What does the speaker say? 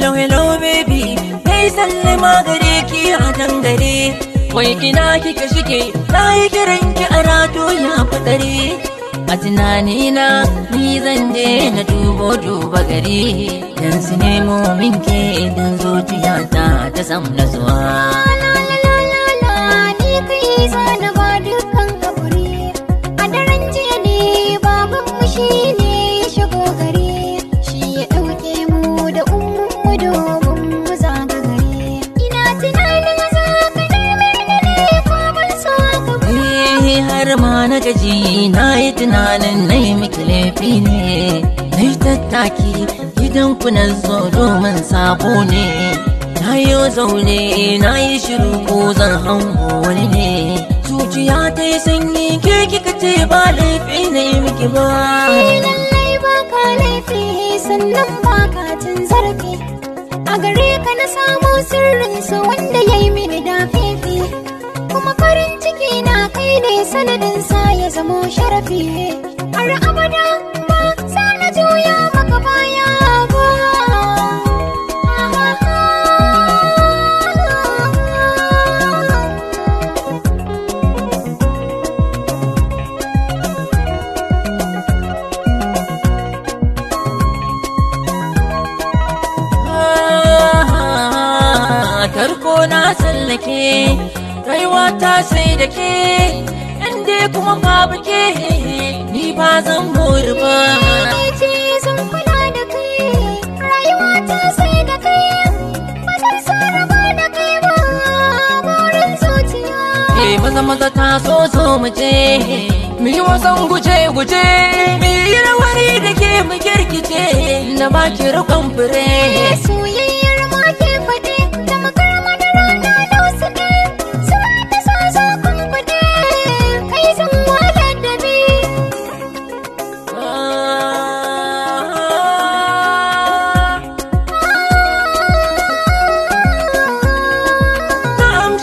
hello hello baby mai sallama gare ki a nan gare wai kina kika shige na yi kiran ki a rato ya fadare a tunanina ni zan je na dubo duba gari dan su nemo min ke dan zuciyata ta ta nasuwa. har ma na gaji na yi tunanin na yi miki laifi ne na yi tattaki gidan kunan zo domin sabo ne na yi zaune na yi shiru ko zan hango wani ne zuciya ta yi sanyi ke kika ce ba laifi na yi miki ba eh, lallai ba ka laifi sannan ba ka cin zarafi a gare ka na samo sirrinsa wanda ya yi mini dafifi kuma farin kai ne sanadin sa ya zamo sharafi har abada ba za na juya maka baya ba Tarko na tsallake rayuwa ta sai da ke inda kuma babu buke. ni ba zan bori ba ce da kai rayuwa maza maza ta so so mu je yi wasan guje guje mu yi rawari da ke mu girgije na ba baki rukun fure